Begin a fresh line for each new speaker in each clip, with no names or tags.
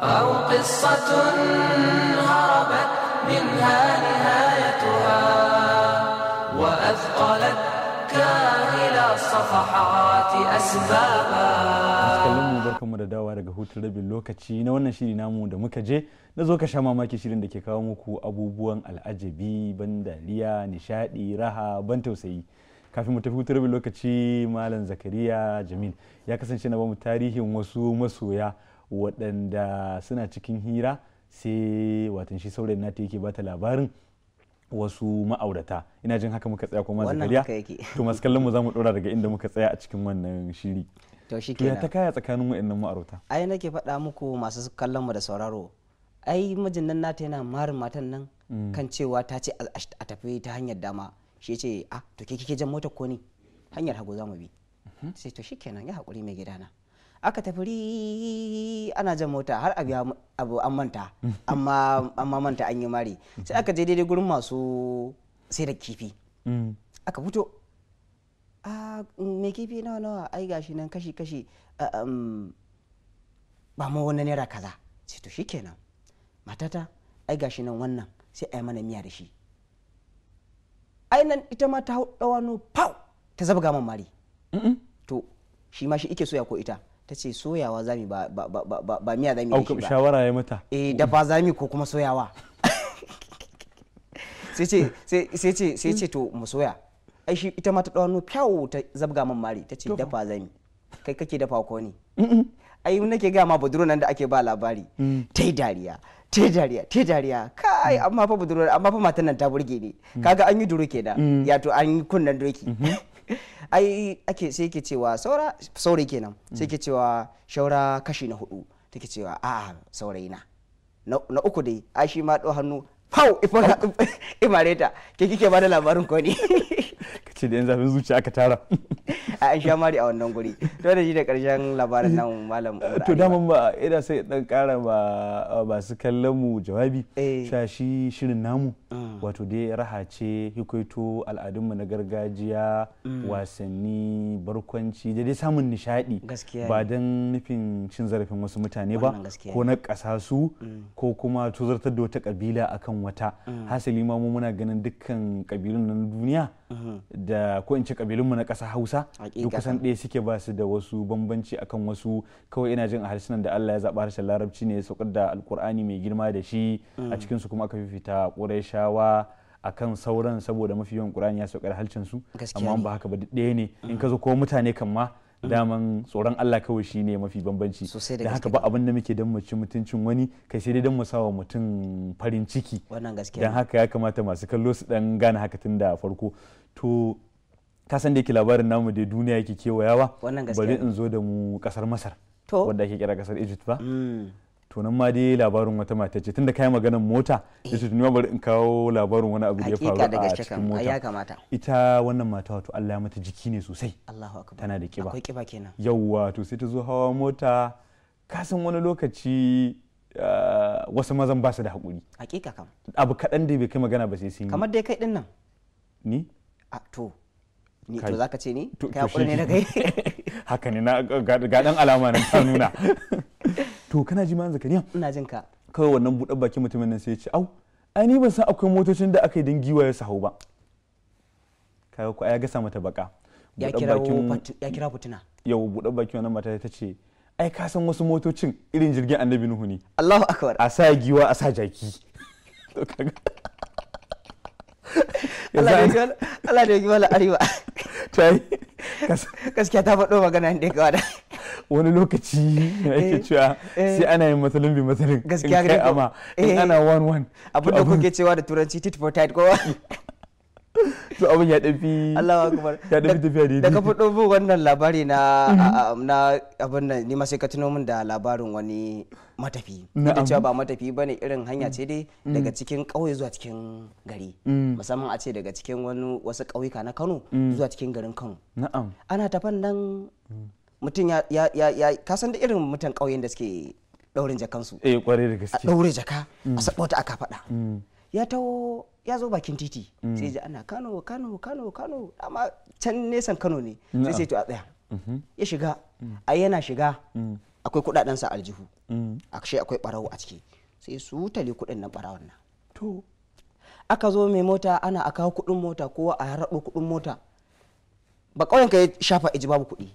أو قصة هربت منها نهايتها وأثقلت كاهل صفحات
أسبابا
mu da dawa daga hutun rabin lokaci na wannan shiri namu da muka je na zo ka sha mamaki shirin da ke kawo muku abubuwan al'ajabi ban dariya nishadi raha ban tausayi kafin mu tafi hutun rabin lokaci malam zakariya jamil ya kasance na bamu tarihin wasu masoya waɗanda suna cikin hira sai watan shi saurayin nata yake bata labarin wasu ma'aurata ina jin haka muka tsaya kuma zakariya to masu kallon mu zamu dora daga inda muka tsaya a cikin wannan shiri to shi kenan ta kaya tsakanin waɗannan ma'aurata
ai nake faɗa muku masu kallon mu da sauraro ai mijin nan nata yana marin matan nan mm. kan cewa ta ce a tafi ta hanyar dama shi ce a ah, to ke kike jan motar ko ni hanyar hagu zamu bi sai mhm. to shi kenan ya haƙuri mai gidana aka tafi ana jan mota har abu abu an manta amma amma manta an yi mari sai aka je daidai gurin masu sai da kifi mm. aka fito a ah, me kifi nawa nawa ai gashi nan kashi kashi ah, um, ba mu wani naira kaza sai to shikenan matata ai gashi nan wannan sai ai mana miya da shi ai nan ita ma ta hau dawano pau ta zabga man mari to shi ma shi ike soya ko ita ta ce soyawa zami ba ba ba ba ba miya zami da shi ba
shawara ya mata
eh dafa zami ko kuma soyawa
sai ce
sai ce sai ce to mu soya ai shi ita ma ta dawo fyawo ta zabga man mari ta ce dafa zami kai kake dafa ko ne ai nake ga ma budurun nan da ake ba labari mm. tai dariya tai dariya tai dariya kai mm. amma fa budurwar amma fa matan nan ta burge ne mm. kaga an yi duro kenan ya to an yi kunnan doki mm-hmm. ai ake sai ke cewa saura saurayi kenan sai ke cewa shaura kashi na hudu take cewa a saurayi na na uku dai a shi ma hannu pau imareta ke kike ba da labarin ko ne
ce da yan zafin zuciya aka tara
an sha mari a wannan guri to da shi da karshen labarin nan malam
to da mun ba ina sai dan kara ba su kallon mu jawabi eh. sha shirin namu ah. wato dai raha ce hikoito al'adun mu na gargajiya mm. wasanni barkwanci da dai samun nishadi ba dan nufin cin zarafin wasu mutane ba ko na kasa su mm. ko kuma tuzartar da wata kabila akan wata mm. hasali ma mu muna ganin dukkan kabilun na duniya mm-hmm. da ko in ce kabilun mu na kasa Hausa duk kusan ɗaya suke ba su da wasu bambanci akan wasu kawai ina jin a harsunan da Allah ya zaɓa harshen larabci ne ya saukar da alkur'ani mai girma da shi mm. a cikin su kuma aka fifita ƙurayshawa akan sauran saboda mafi yawan ƙur'ani ya saukar harshen su amma ba haka ba ɗaya ne in mm. ka zo ko mutane kan ma mm. daman tsoron Allah kawai shi ne mafi bambanci da haka ba abin da muke don mu ci mutuncin wani kai sai dai don mu sawa mutum farin ciki don haka ya kamata masu kallo su dan gane haka tun da farko to ka san da yake labarin namu da duniya yake kewayawa bari in zo da mu kasar masar wadda ake kira kasar egypt ba mm. to nan ma dai labarin wata mata ce tunda kai maganar mota da su tunuwa bari in kawo labarin wani abu da ya faru a cikin mota ita wannan mata wato Allah ya mata jiki ne sosai tana da kiba akwai kiba kenan to sai ta zo hawa mota ka san wani lokaci eh, wasu mazan ba su da haƙuri kam abu kaɗan da bai kai magana ba sai sun yi kamar dai kai ɗin nan ni a to ni to zaka ce ni kai hakuri ne na kai haka ne na ga dan alama nan ta nuna to kana ji ma zakariya ina jin ka kawai wannan buɗe baki mutumin nan sai ya ce au ai ni ban san akwai motocin da aka yi don giwaye su hau ba kai ko ya gasa mata baka ya kira ya kira fitina yau buɗe baki wannan mata ta ce ai ka san wasu motocin irin jirgin annabi nuhu ne Allahu akbar a sa giwa a sa jaki Allah da ya ji wala tai
gaskiya ta faɗo magana inda ga
wani lokaci na ake eh, cewa eh. sai ana yin matsalin bi matsalin
gaskiya ga amma in eh. ana one one abinda kuke cewa da turanci tit for tat ko. to abin ya dafi Allah ya dafi tafiya daidai da ka fito bu wannan labari na mhm. na abin nan ni ma sai ka tuno min da labarin wani matafi da cewa ba matafi bane irin hanya ce dai mm. daga cikin ƙauye zuwa cikin gari mm. musamman a ce daga cikin wani wasu ƙauyuka na Kano mm. zuwa cikin garin Kano na'am ana tafan nan mutum ya ya ya ka san da irin mutan ƙauyen da suke daurin jakansu eh kwarai da gaske a daure jaka a sabota aka faɗa ya taho ya zo bakin titi sai ji ana kano kano kano kano amma can nesan kano ne sai sai to a tsaya mhm. ya shiga mm. a yana shiga mm. akwai kudaden sa aljihu mm. kashe akwai barawo a ciki sai su tale kudin nan barawon nan to aka zo mai mota ana a kawo kudin mota kowa a harado kudin mota ba kauyen ka ya shafa iji babu kudi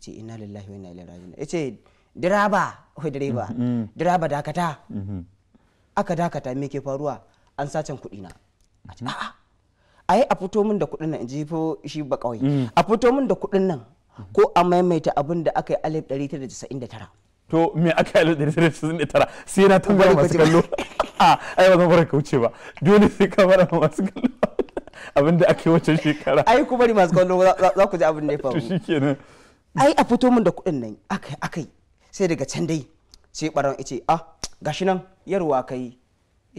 yace inna lillahi wa inna ilaihi raji'un yace direba oi direba direba dakata mm-hmm. aka dakata me ke faruwa an sacen kuɗi na a yi a fito min da kuɗin nan ji shi ba kawai mm. a fito min da kuɗin nan ko a maimaita abin da aka yi alif 199
to me aka yi alif 199 sai na tambaya masu kallo a ai ba zan bar kauce ba dole sai ka bar masu kallo abin da aka yi wancan shekara ai ku bari masu kallo za ku ji abin da ya faru
ai a fito min da kuɗin nan akai akai sai daga can dai sai ya ice ah gashi nan yarwa kai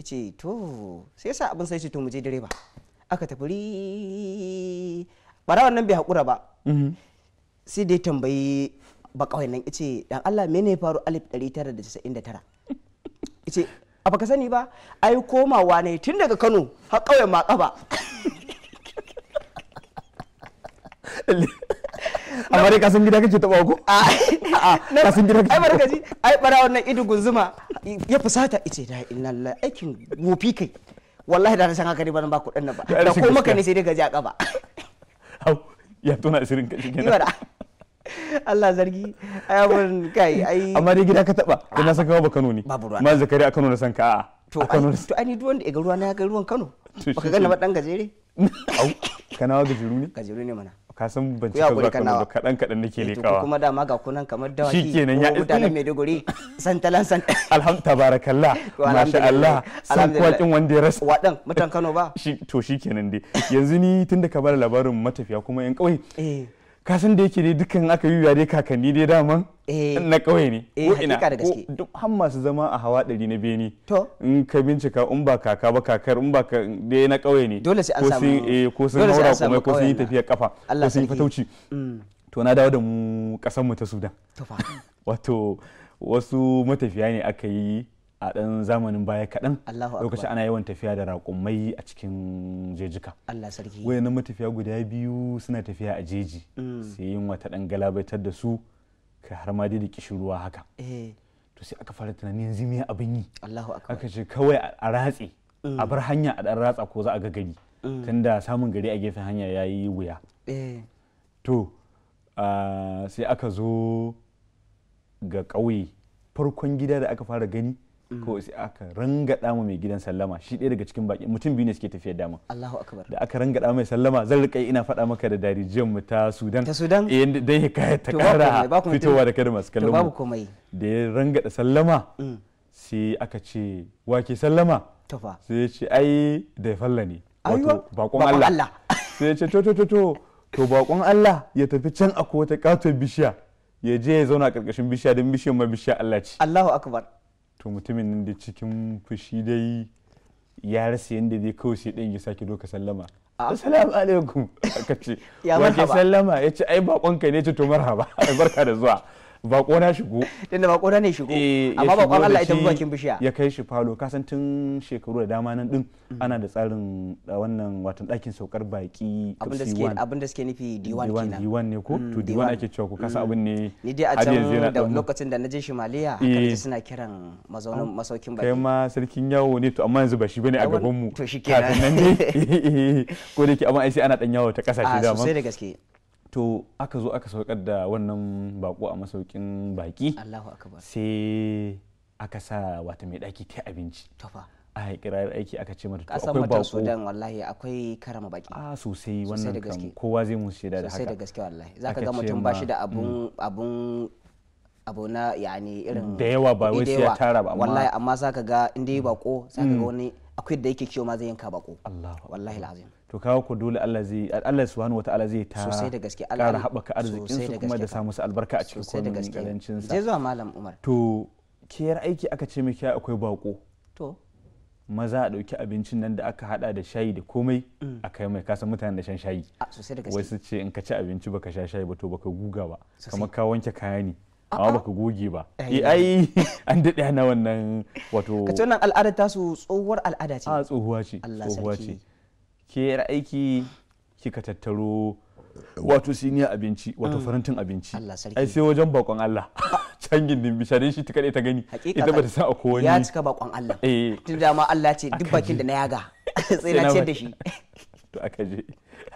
ce to sai sa abin sai to mu je direba aka tafi ri nan bai hakura ba mm-hmm. sai dai tambayi ba kawai nan ice dan Allah mene faru alif 1999 ice a baka sani ba ai komawa ne tun daga Kano har kauyen Makaba
amma dai
kasan gida kake taba ko ah. a kasan gida ai barka ji ai bara wannan idu gunzuma ya fusata ice da inna lillahi aikin gofi kai wallahi da na san haka ne ban ba ku dan ba da ko maka ne sai dai gaji a kaba
ya tona asirin ka shi kenan
Allah zargi ai ayamun kai ai amma dai gida ka
taba da na san kawo ba Kano ne ma zakari a Kano na san ka to Kano to
ani duk wanda ya ga ruwa na ya ga ruwan Kano baka ganna ba dan gajere
au kana wa gajeru ne gajeru ne mana ka san ban cika zuwa Kano ba kadan kadan nake eh, lekawa kuma
ma ga kunan kamar dawaki shikenan ya ne Maiduguri
santalan san alhamta barakallah masha Allah san kwakin wanda ya rasa wadan mutan Kano ba to shikenan dai yanzu ni tunda ka bar labarin matafiya kuma yan kauye eh. ka san da yake dai dukkan aka yi yare kakanni dai daman eh. na kawai ne eh, ko ina duk har masu zama a hawa ɗari na beni to in ka bincika in ba kaka ba kakar in ba ka dai na kawai ne dole sai an samu ko sun eh, haura kuma ko sun yi tafiya kafa ko sun yi fatauci mm. to na dawo da mu kasan mu ta Sudan wato wasu matafiya ne aka yi a ɗan zamanin baya kaɗan lokacin ana yawan tafiya da raƙumai a cikin jejika Allah sarki matafiya guda biyu suna tafiya a jeji mm. sai yin wata ɗan galabaitar da su ka har ma da kishiruwa haka eh. to sai aka fara tunanin zimiya abin yi aka ce kawai a ratse mm. a bar hanya a ɗan ratsa ko za a ga gari mm. tunda samun gari a gefen hanya ya yi wuya eh. to sai aka zo ga ƙauye farkon gida da aka fara gani Mm. kawai sai aka rangada mu mai gidan sallama shi ɗaya daga cikin baki mutum biyu ne suke tafiya dama Allahu akbar da aka rangada mai sallama zan rika ina faɗa maka da darijiyan mu ta Sudan ta Sudan eh dan kai ta kara fitowa da kada masu kallon babu komai da ya rangada sallama mm. sai aka ce wake sallama sai ya ce ai da falla ne wato bakon Allah sai ya ce to to to to to bakon Allah ya tafi can akwai wata katon bishiya ya je ya zauna a karkashin bishiya don bishiyar ma bishiya Allah ce Allahu akbar to mutumin nan da cikin fushi dai ya rasa yadda zai kawai sai ɗan ya sake doka sallama assalamu alaikum aka ce sallama ya ce ai bakonka ne ce to marhaba barka da zuwa bako na shigo tunda bako na ne shigo eh, amma bakon Allah ita bakin bishiya ya kai shi falo kasan tun shekaru da dama nan din mm. ana da tsarin wannan watan dakin saukar baki abin
da suke nufi diwan kenan diwan ne ko mm, to diwan ake cewa ko kasa abin ne mm. ni dai a can da lokacin da naje Shimaliya haka eh. suna kiran mazaunin masaukin baki kai
ma sarkin yawo ne to amma yanzu ba shi bane a gaban mu to shi kenan ko da ke amma ai sai ana dan yawo ta kasashe dama sosai da gaske to aka zo aka saukar da wannan bako a masaukin baki sai aka sa wata mai daki ta abinci a kirar aiki aka ce mata akwai bako sudan
wallahi akwai karama baki a ah, sosai wannan kan kowa zai mu shaida da haka sosai da gaske wallahi zaka ga mutum ba shi da mm. abun abun abu na yani irin da yawa ba wai sai ya tara ba amma wallahi amma zaka ga inda yi mm. bako zaka ga mm. wani akwai da yake kiyo ma zai yanka bako
wallahi alazim to kawo ku dole Allah zai Allah subhanahu wataala zai ta sosai da gaske Allah haɓaka arzikin su kuma da samu su albarka a cikin komai karancin sa
zuwa malam Umar
to kiyar aiki aka ce miki akwai bako to maza a ɗauki abincin nan da aka hada da shayi da komai mm. a kai mai kasan mutanen da shan shayi su ce in ka ci abinci baka sha shayi ba to baka guga ba kamar ka wanke kaya ne amma baka goge ba ai eh, an daɗe na wannan wato ka ci wannan al'ada tasu tsohuwar al'ada ce a tsohuwa ce tsohuwa ce ke yar aiki kika tattaro wato siniya abinci wato mm. farantin abinci ai sai wajen bakon Allah can gindin bishare shi ta ta gani ita ta sa a wani ya cika bakon Allah eh. tun da ma Allah ce duk bakin da na yaga sai na ciyar da shi to aka je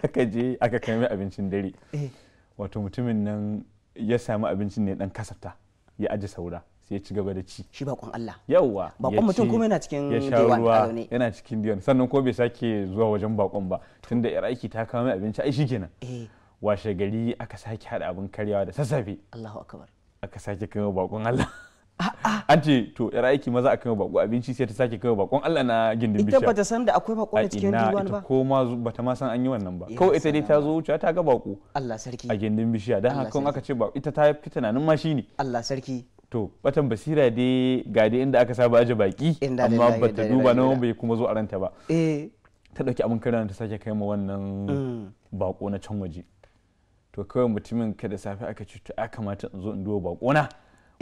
aka je aka kai mai abincin dare eh. wato mutumin nan ya samu abincin ne dan kasafta ya aje saura sai ci gaba da ci shi bakon Allah yawa bakon mutum kuma yana cikin ya sha ruwa yana cikin diwan sannan ko bai sake zuwa wajen bakon ba tunda yar aiki ta kawo mai abinci ai shikenan eh. washe gari aka sake hada abin karyawa da sassafe Allahu akbar aka sake kawo bakon Allah ah, ah. an ce to yar aiki maza a kawo bako abinci sai ta sake kawo bakon Allah na gindin bishiya ita bata san
da akwai bakon da cikin diwan ba
ko ma bata ma san an yi wannan ba kawai ita dai ta zo wuce ta ga bako Allah sarki a gindin bishiya dan haka aka ce ba ita ta fi tunanin ma shine Allah sarki to batan basira dai ga inda aka saba aje baki amma ba ta duba nan bai kuma zo a ranta ba eh. ta dauki abin karan ta sake kai ma wannan mm. bako na can waje to kawai mutumin ka da safe aka ci to ya kamata in zo in duba bako na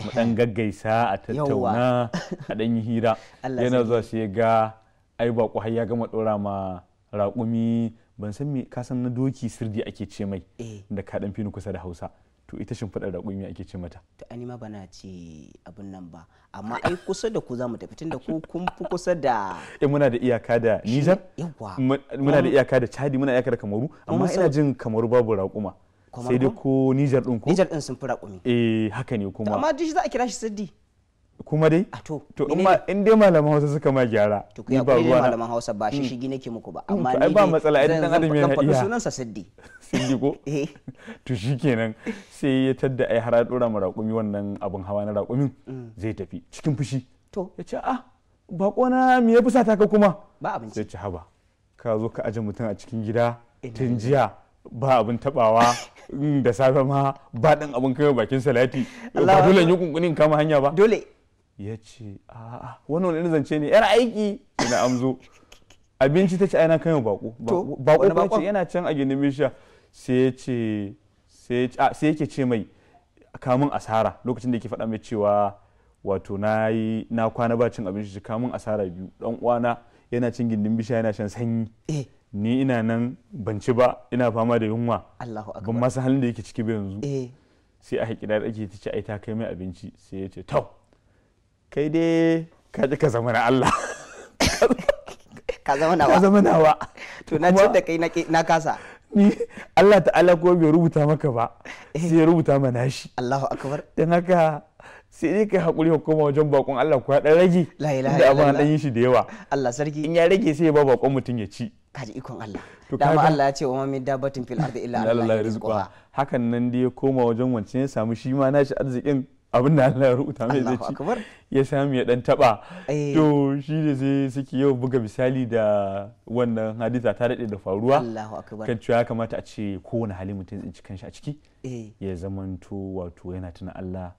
mu dan gaggaisa a tattauna a dan yi hira yana zuwa sai ga ai bako har ya gama dora ma raƙumi ban san me ka san na doki sirdi ake ce mai eh. da kaɗan fini kusa da hausa to ita shimfiɗar da ƙumi ake ce mata
to ani ma bana ce abin nan ba amma ai kusa da ku za mu tafi tunda ku kun fi kusa da
eh muna da iyaka da Niger muna da iyaka da Chadi muna iyaka da Kamaru amma ina jin Kamaru babu raƙuma sai dai ko Niger din ko Niger din sun fi raƙumi eh haka ne kuma amma
duk za a kira shi sirdi
kuma dai to in dai malaman hausa suka ma gyara to kai akwai malaman hausa ba shi mm. shi gine ke muku ba mm, amma ni ba matsala idan dan adam yana iya sa siddi siddi ko eh. to shikenan sai ya tadda ai har dora mu raƙumi wannan abun hawa na raƙumin mm. zai tafi cikin fushi to ya ce ah bako na me ya ta ka kuma ba abinci sai ce haba ka zo ka aje mutum a cikin gida tun jiya ba abin tabawa da safe ma ba dan abin kai bakin salati ba dole ne kunkunin kama hanya ba dole ya ce a wani wani zance ne yar aiki ina amzo abinci ta ce aina kan yau bako bako ba ce yana can a gindin bishiya sai ya ce sai yake ce mai kamun asara lokacin da yake faɗa mai cewa wato na yi na kwana ba cin abinci kamun asara biyu dan uwana yana cin gindin bishiya yana shan sanyi eh. ni ina nan ban ci ba ina fama da yunwa ban masa halin da yake ciki ba yanzu eh. sai a haƙi da ake ta ce ai ta kai mai abinci sai ya ce tau kai dai ka ji ka zama na Allah ka zama nawa ka zama nawa to na cin da kai na kasa ni Allah ta'ala ko bai rubuta maka ba eh. sai ya rubuta mana shi Allahu akbar dan haka sai dai kai hakuri ka koma wajen bakon Allah ko dan rage la ilaha da abin dan yin shi da yawa Allah sarki in ya rage sai ya ba bakon mutum ya ci kaji ikon Allah dama Allah ya ce wa
mamin dabatin fil ardi illa Allah
rizqa hakan nan dai ya koma wajen wancan ya samu shi ma nashi arzikin abin da Allah ya rubuta mai zai ci ya sami ya dan taba eh. to shi ne sai suke yau buga misali da wannan hadisa ta daɗe da faruwa kan cewa ya kamata a ce kowane hali mutum tsinci kanshi a ciki eh. ya zamanto wato yana tuna Allah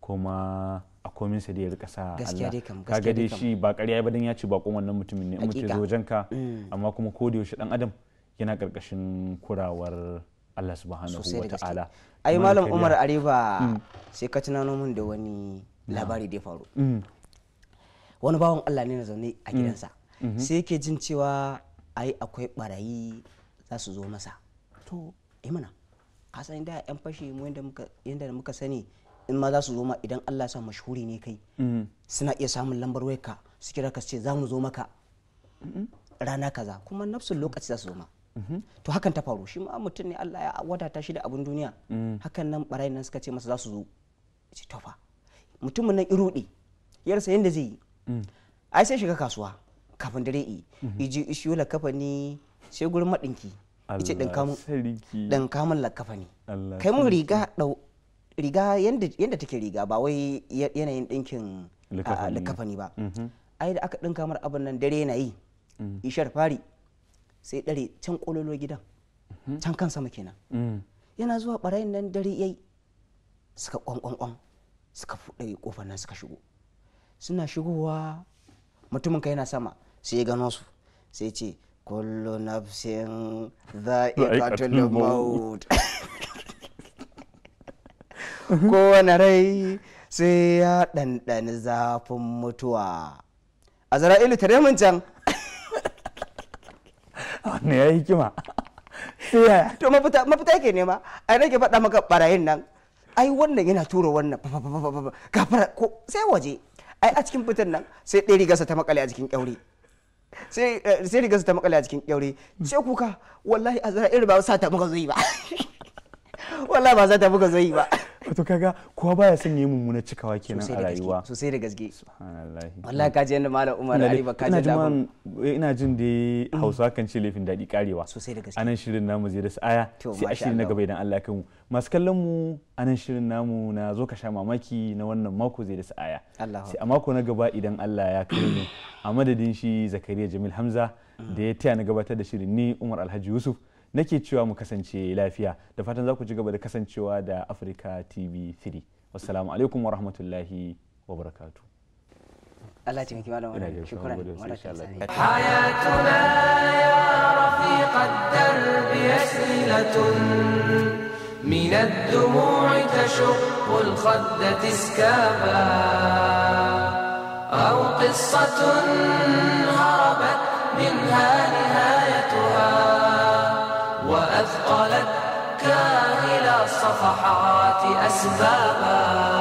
kuma a komin sa dai ya rika sa Allah Ka dai shi ba ƙarya ba dan ya ci ba wannan mutumin ne mutum zo wajenka mm. amma kuma ko da yaushe dan adam yana karkashin kurawar Allah subhanahu wa ta'ala ai malam Umar
Ariba mm. sai ka tunano mun da wani labari da ya faru mm. wani bawan Allah ne na zaune a mm. gidansa mm-hmm. sai yake jin cewa ai akwai barayi za su zo masa to eh mana ka san da yan fashi mu yanda muka sani in ma za su zo ma idan Allah sa mashhuri ne kai suna iya samun lambar wayarka su kira ka ce za mu zo maka rana kaza kuma nafsun lokaci za su zo ma to hakan ta faru shi ma mutum ne Allah ya wadata shi da abin duniya mm. hakan nan barayi nan suka ce masa za su zo ce tofa mutumin nan irudi ya rasa yadda zai yi mm. ai sai shiga kasuwa kafin dare yi iji mm-hmm. ishiyo la kafa ne sai gurin madinki ice dan kamun la kafa ne kai mun riga riga yanda take riga ba wai yanayin dinkin lakafani ba mm-hmm. ai da aka dinka mar abin nan dare na yi mm. ishar fari sai dare can kololo gidan mhm. can kan sama kenan mm. yana zuwa barayin nan dare yayi suka kwankwankwan suka fuɗe kofar nan suka shigo suna shigowa mutumin kai na sama sai ya gano su sai ce kullu nafsin za'iqatul maut kowane rai sai ya ɗanɗani zafin mutuwa azra'ilu tare mun can
ne ya yi sai
yaya to mafita yake nema a ke faɗa maka barayin nan ai wannan yana tura wannan gafara ko sai waje ai a cikin fitan nan sai ɗaya rigarsa ta makale a jikin ƙyaure, eh, sai rigarsa ta makale a jikin ƙyaure. sai kuka wallahi a zara irin ba sa ta muka zai ba wallahi ba za ta muka
zai ba to kaga kowa baya son yi mummuna cikawa kenan a rayuwa sosai da gaske wallahi ka ji yanda malam Umar Ali ba ka ji da eh, ina jin da mm. Hausa kan ce laifin daɗi karewa sosai da gaske anan shirin namu zai da aya sai a shirin na gaba idan Allah ya kai mu masu kallon mu anan shirin namu na zo ka sha mamaki na wannan mako zai da aya sai a mako na gaba idan Allah ya kai mu a madadin shi Zakariya Jamil Hamza mm. da ya taya na gabatar da shirin ni Umar Alhaji Yusuf nake cewa mu kasance lafiya da fatan za ku ci gaba da kasancewa da Africa TV 3 wassalamu alaikum wa rahmatullahi wa barakatuh
الله يجزيك مالا شكرا حياتنا يا رفيق الدرب أسئلة من الدموع تشق الخد تسكابا
أو قصة هربت من هانها
صفحات أسبابا